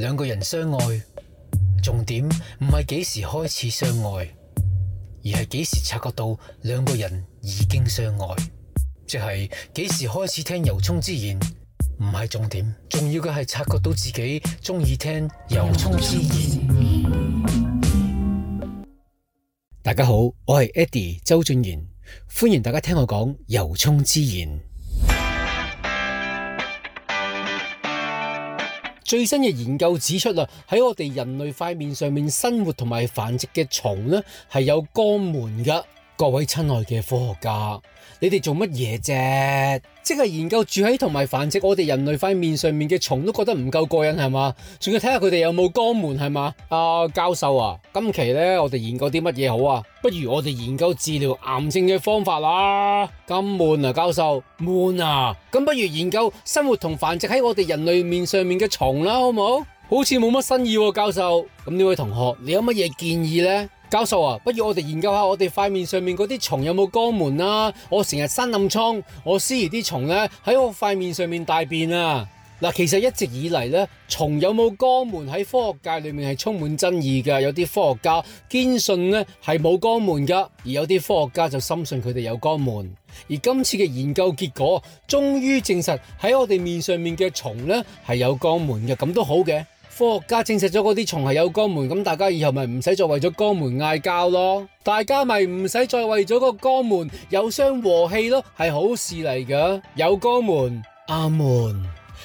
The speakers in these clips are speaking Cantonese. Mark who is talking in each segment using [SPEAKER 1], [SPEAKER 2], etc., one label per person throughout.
[SPEAKER 1] 兩個人相愛，重點唔係幾時開始相愛，而係幾時察覺到兩個人已經相愛，即係幾時開始聽由衷之言，唔係重點，重要嘅係察覺到自己中意聽由衷之言。之言。大家好，我係 Eddie 周俊賢，歡迎大家聽我講由衷之言。最新嘅研究指出啦，喺我哋人類塊面上面生活同埋繁殖嘅蟲咧，係有肛門噶各位親愛嘅科學家，你哋做乜嘢啫？即係研究住喺同埋繁殖我哋人類塊面上面嘅蟲都覺得唔夠過癮係嘛？仲要睇下佢哋有冇肛門係嘛？啊，教授啊，今期呢，我哋研究啲乜嘢好啊？不如我哋研究治療癌症嘅方法啦。咁悶啊，教授，悶啊。咁不如研究生活同繁殖喺我哋人類面上面嘅蟲啦，好唔好？好似冇乜新意啊，教授。咁呢位同學，你有乜嘢建議呢？教授啊，不如我哋研究下我哋塊面上面嗰啲蟲有冇肛門啊？我成日生暗瘡，我思疑啲蟲呢喺我塊面上面大便啊。嗱，其實一直以嚟呢蟲有冇肛門喺科學界裏面係充滿爭議㗎。有啲科學家堅信呢係冇肛門㗎，而有啲科學家就深信佢哋有肛門。而今次嘅研究結果終於證實，喺我哋面上面嘅蟲呢係有肛門嘅，咁都好嘅。科學家證實咗嗰啲蟲係有肛門，咁大家以後咪唔使再為咗肛門嗌交咯，大家咪唔使再為咗個肛門有傷和氣咯，係好事嚟噶。有肛門，阿門。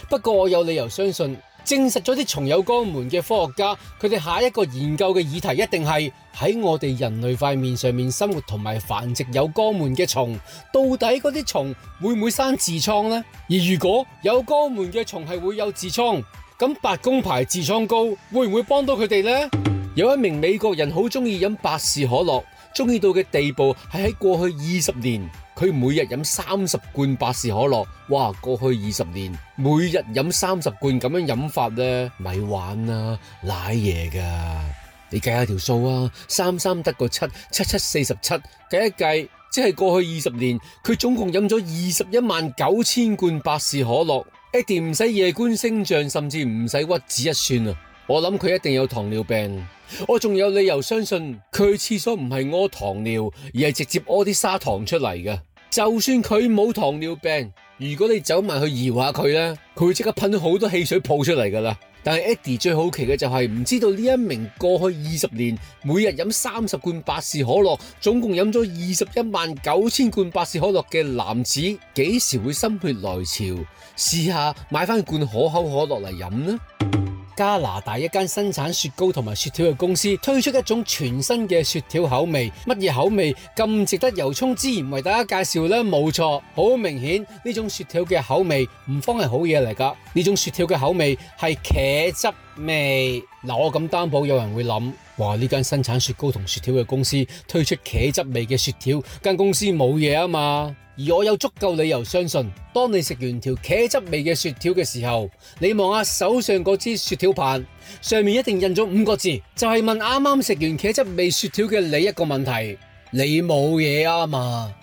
[SPEAKER 1] 不過我有理由相信，證實咗啲蟲有肛門嘅科學家，佢哋下一個研究嘅議題一定係喺我哋人類塊面上面生活同埋繁殖有肛門嘅蟲，到底嗰啲蟲會唔會生痔瘡呢？而如果有肛門嘅蟲係會有痔瘡。咁八公牌痔瘡膏會唔會幫到佢哋呢？有一名美國人好中意飲百事可樂，中意到嘅地步係喺過去二十年，佢每日飲三十罐百事可樂。哇！過去二十年，每日飲三十罐咁樣飲法呢，咪玩啦，瀨嘢噶！你計下條數啊，三三得個七，七七四十七，計一計，即係過去二十年，佢總共飲咗二十一萬九千罐百事可樂。爹哋唔使夜觀星象，甚至唔使屈指一算啊！我諗佢一定有糖尿病，我仲有理由相信佢廁所唔係屙糖尿，而係直接屙啲砂糖出嚟噶。就算佢冇糖尿病，如果你走埋去搖下佢咧，佢會即刻噴好多汽水泡出嚟噶啦。但係 Eddie 最好奇嘅就係唔知道呢一名過去二十年每日飲三十罐百事可樂，總共飲咗二十一萬九千罐百事可樂嘅男子，幾時會心血來潮試下買翻罐可口可樂嚟飲呢？加拿大一間生產雪糕同埋雪條嘅公司推出一種全新嘅雪條口味，乜嘢口味咁值得由衷之言為大家介紹呢？冇錯，好明顯呢種雪條嘅口味唔慌係好嘢嚟噶，呢種雪條嘅口味係茄汁味。嗱，我敢擔保有人會諗。話呢間生產雪糕同雪條嘅公司推出茄汁味嘅雪條，間公司冇嘢啊嘛？而我有足夠理由相信，當你食完條茄汁味嘅雪條嘅時候，你望下手上嗰支雪條棒，上面一定印咗五個字，就係、是、問啱啱食完茄汁味雪條嘅你一個問題：你冇嘢啊嘛？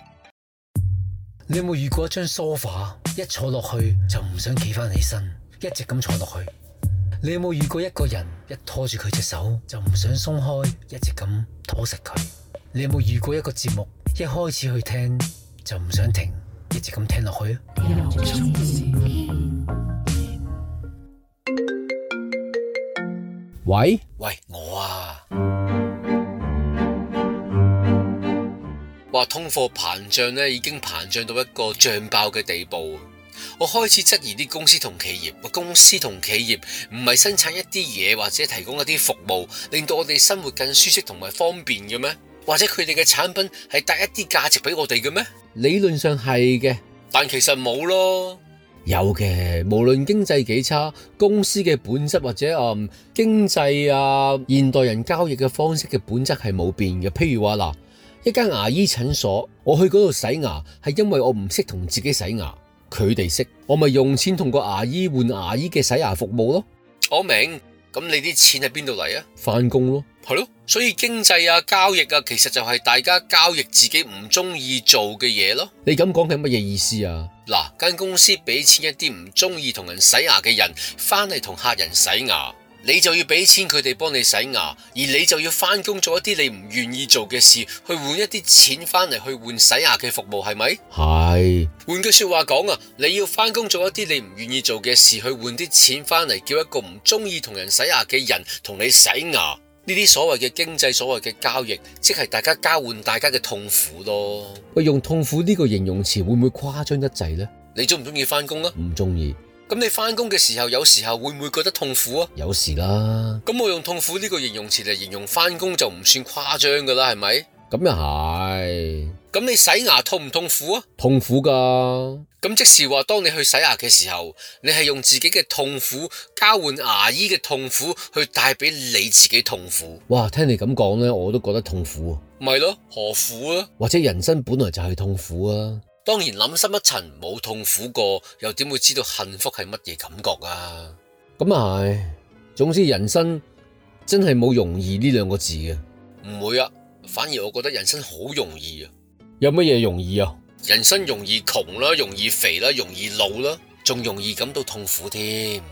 [SPEAKER 1] 你有冇遇過一張梳化，一坐落去就唔想企翻起身，一直咁坐落去？你有冇遇過一個人，一拖住佢隻手就唔想鬆開，一直咁拖實佢？你有冇遇過一個節目，一開始去聽就唔想停，一直咁聽落去？嗯嗯嗯嗯嗯嗯嗯、喂喂，我啊，話通貨膨脹咧，已經膨脹到一個脹爆嘅地步。我開始質疑啲公司同企業，公司同企業唔係生產一啲嘢，或者提供一啲服務，令到我哋生活更舒適同埋方便嘅咩？或者佢哋嘅產品係帶一啲價值俾我哋嘅咩？理論上係嘅，但其實冇咯。有嘅，無論經濟幾差，公司嘅本質或者、嗯、經濟啊經濟啊現代人交易嘅方式嘅本質係冇變嘅。譬如話嗱，一間牙醫診所，我去嗰度洗牙係因為我唔識同自己洗牙。佢哋識我，咪用錢同個牙醫換牙醫嘅洗牙服務咯。我明，咁你啲錢喺邊度嚟啊？翻工咯，係咯。所以經濟啊，交易啊，其實就係大家交易自己唔中意做嘅嘢咯。你咁講係乜嘢意思啊？嗱，間公司畀錢一啲唔中意同人洗牙嘅人，翻嚟同客人洗牙。你就要俾錢佢哋幫你洗牙，而你就要翻工，做一啲你唔願意做嘅事，去換一啲錢翻嚟去換洗牙嘅服務，係咪？係是。換句話說話講啊，你要翻工做一啲你唔願意做嘅事，去換啲錢翻嚟叫一個唔中意同人洗牙嘅人同你洗牙。呢啲所謂嘅經濟，所謂嘅交易，即係大家交換大家嘅痛苦咯。用痛苦呢個形容詞會唔會誇張得制呢？你中唔中意翻工啊？唔中意。咁你返工嘅時候，有時候會唔會覺得痛苦啊？有時啦。咁我用痛苦呢個形容詞嚟形容返工就唔算誇張噶啦，係咪？咁又係。咁你洗牙痛唔痛苦啊？痛苦噶。咁即是話，當你去洗牙嘅時候，你係用自己嘅痛苦交換牙醫嘅痛苦，去帶俾你自己痛苦。哇！聽你咁講咧，我都覺得痛苦。啊。咪咯，何苦啊？或者人生本來就係痛苦啊？當然諗深一層，冇痛苦過，又點會知道幸福係乜嘢感覺啊？咁啊係，總之人生真係冇容易呢兩個字嘅，唔會啊，反而我覺得人生好容易啊，有乜嘢容易啊？人生容易窮啦、啊，容易肥啦、啊，容易老啦、啊，仲容易感到痛苦添、啊。